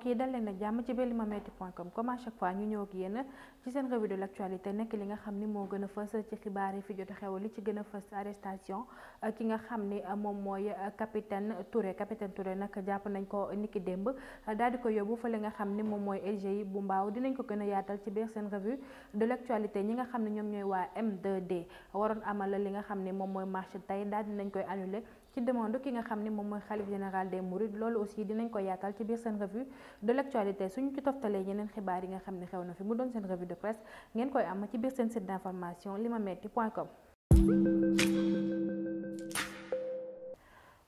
mbokk yi dal leen ci Limametti comme à chaque fois ñu ñëw ak yéen ci seen revue de l'actualité nek li nga xamni mo gëna fess ci xibaar yi fi jot a xew li ci gëna fess fës arrestation ki nga xamni mom moy capitaine Touré capitaine Touré nak japp nañ ko niki demb dal di ko fa fële nga xamni mom moy mooy LGI bu mbaaw dinañ ko gëna yaatal ci biir seen revue de l'actualité ñi nga xamni ñom ñoy wa M2D waron amal li nga xamni mom moy mooy marché tey daal dinañ koy annuler ci demande ki nga xam ni moom mooy xalif général des mourides loolu aussi dinañ ko yaatal ci biir seen revue de l'actualité suñu ci toftalee ñeneen xibaar yi nga xam ne xew na fi mu doon seen revue de presse ngeen koy am ci biir seen site d'information limametti point com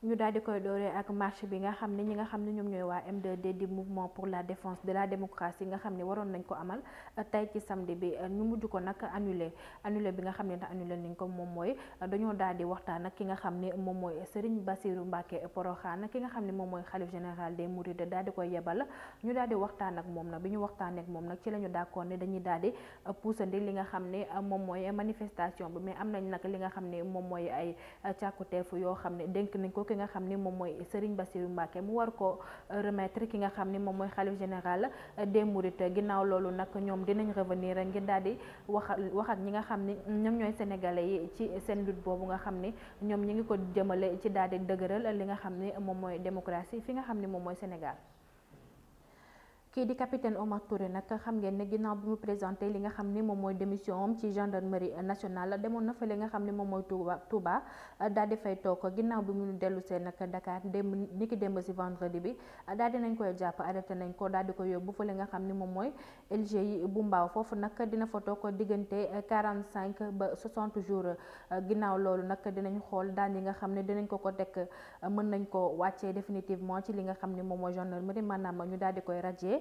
ñu daal di koy dooree ak marche bi nga xam ne ñi nga xam ne ñoom ñooy waa M2D di mouvement pour la défense de la démocratie nga xam ne waroon nañ ko amal euh, tey ci samedi bi euh, ñu mujj ko nag annulé annulé bi nga xam ne annulé nañ ko moom mooy euh, dañoo daal di waxtaan ak ki nga xam ne moom mooy Serigne Bassirou Mbacké Porokhane ki nga xam ne moom mooy xalif général des Mourides daal di koy yebal ñu daal di waxtaan ak moom nag bi ñu waxtaanee ak moom nag ci la ñu d'accord ne dañuy daal di puusandi li nga xam ne moom mooy manifestation bi mais am nañ nag li nga xam ne moom mooy ay càkkuteef yoo xam ne dénk nañ ko ki nga xam ni moom mooy Serigne Bassirou Mbacké mu war ko remettre ki nga xam ni moom mooy xalif général des ginnaaw loolu nag ñoom dinañ revenir ngir daal di wax wax ñi nga xam ni ñoom ñooy sénégalais yi ci seen lutte boobu nga xam ni ñoom ñi ngi ko jëmale ci daal di dëgëral li nga xam ni moom mooy démocratie fi nga xam ni moom mooy Sénégal kii di capitaine Omar Touré nag xam ngeen ne ginnaaw bi mu présenté li nga xam ni moom mooy démission am ci gendarmerie nationale demoon na fa li nga xam ni moom mooy Touba Touba daal di fay toog ginnaaw bi mu dellu see nag Dakar démb ni ki démb si vendredi bi daal di nañ koy jàpp arrêté nañ ko daal di ko yóbbu fa li nga xam ni moom mooy LG yi bu mbaaw foofu nag dina fa toog diggante 45 ba 60 jours ginnaaw loolu nag dinañ xool daal yi nga xam ne dinañ ko ko teg mën nañ ko wàccee définitivement ci li nga xam ni moom mooy gendarmerie ma ñu daal di koy radier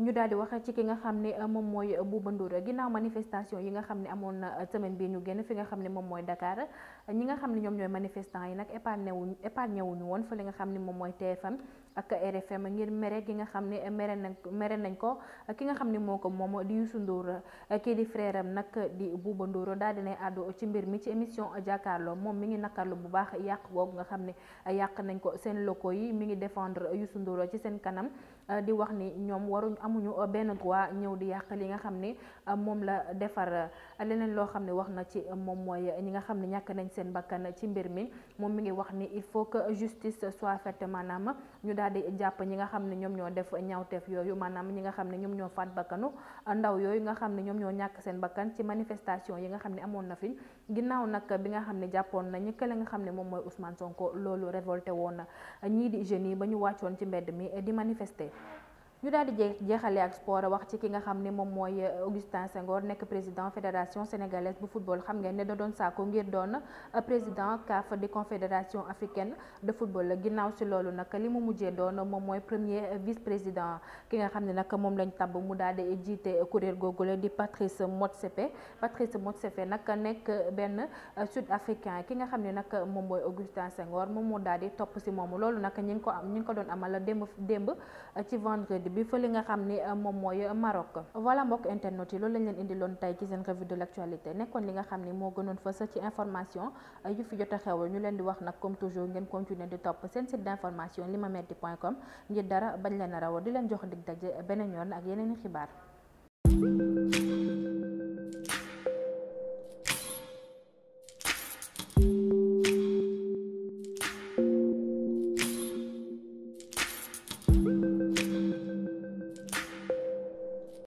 ñu daal di wax ci ki nga xam ne euh, mom mooy Bouba Ndour ginnaaw manifestation yi nga xam ne amoon na euh, semaine bi ñu génn fi nga xam ne moom mooy Dakar ñi nga xam ne ñoom ñooy manifestant yi nag épargne wuñ épargne wuñu woon fële nga xam ne moom mooy TFM ak RFM ngir mere gi nga xam ne mere nañ mere nañ ko ki nga xam ne moo ko moom di Youssou Ndour kii di frère di Bouba Ndour daal dinay àddu ci mbir mi ci émission jàkkaarloo moom mi ngi nakarlu bu baax yàq googu nga xam ne yàq nañ ko seen locaux yi mi ngi défendre Youssou Ndour ci seen kanam di wax ni ñoom waruñ amuñu benn droit ñëw di yàq li nga xam ne moom la defar leneen loo xam ne wax na ci moom mooy ñi nga xam ne ñàkk nañ seen bakkan ci mbir mi moom mi ngi wax ni il faut que justice soit faite maanaam ñu daal di jàpp ñi nga xam ne ñoom ñoo def ñaawteef yooyu maanaam ñi nga xam ne ñoom ñoo faat bakkanu ndaw yooyu nga xam ne ñoom ñoo ñàkk seen bakkan ci manifestation yi nga xam ne amoon na fi ginnaaw nag bi nga xam ne jàppoon nañu kële nga xam ne moom mooy Ousmane Sonko loolu révolté woon na ñii di jeunes yi ba ñu wàccoon ci mbedd mi di manifester. ñu daal di jeexale ak sport wax ci ki nga xamné mom moy euh, Augustin Senghor nek président fédération sénégalaise bu football xam ngeen né da doon sako ngir doon euh, président CAF de confédération africaine de football ginnaw ci lolu nak limu mujjé doon mom moy premier euh, vice président ki nga xamné nak mom moom lañ tabb mu daal jité jiite kuréel di Patrice Motsepe Patrice Motsepe nak nek Ben sud africain ki nga xamné nak mom moy Augustin Senghor moom moo top di topp si moomu loolu nag ko am ñing ko doon amal demb demb ci vendredi bi fële nga xam ni euh, moom euh, Maroc voilà mbok internet yi loolu lañ leen lon tay ci sen revue de l'actualité nekkoon li nga xamni mo moo gënoon fës ci information euh, yu fi jot xew ñu leen di wax nak comme toujours ngeen continuer di top sen site d'information limametti.com ngir dara bañ leen a raw di leen jox dig dajé benen yoon ak yeneen i xibaar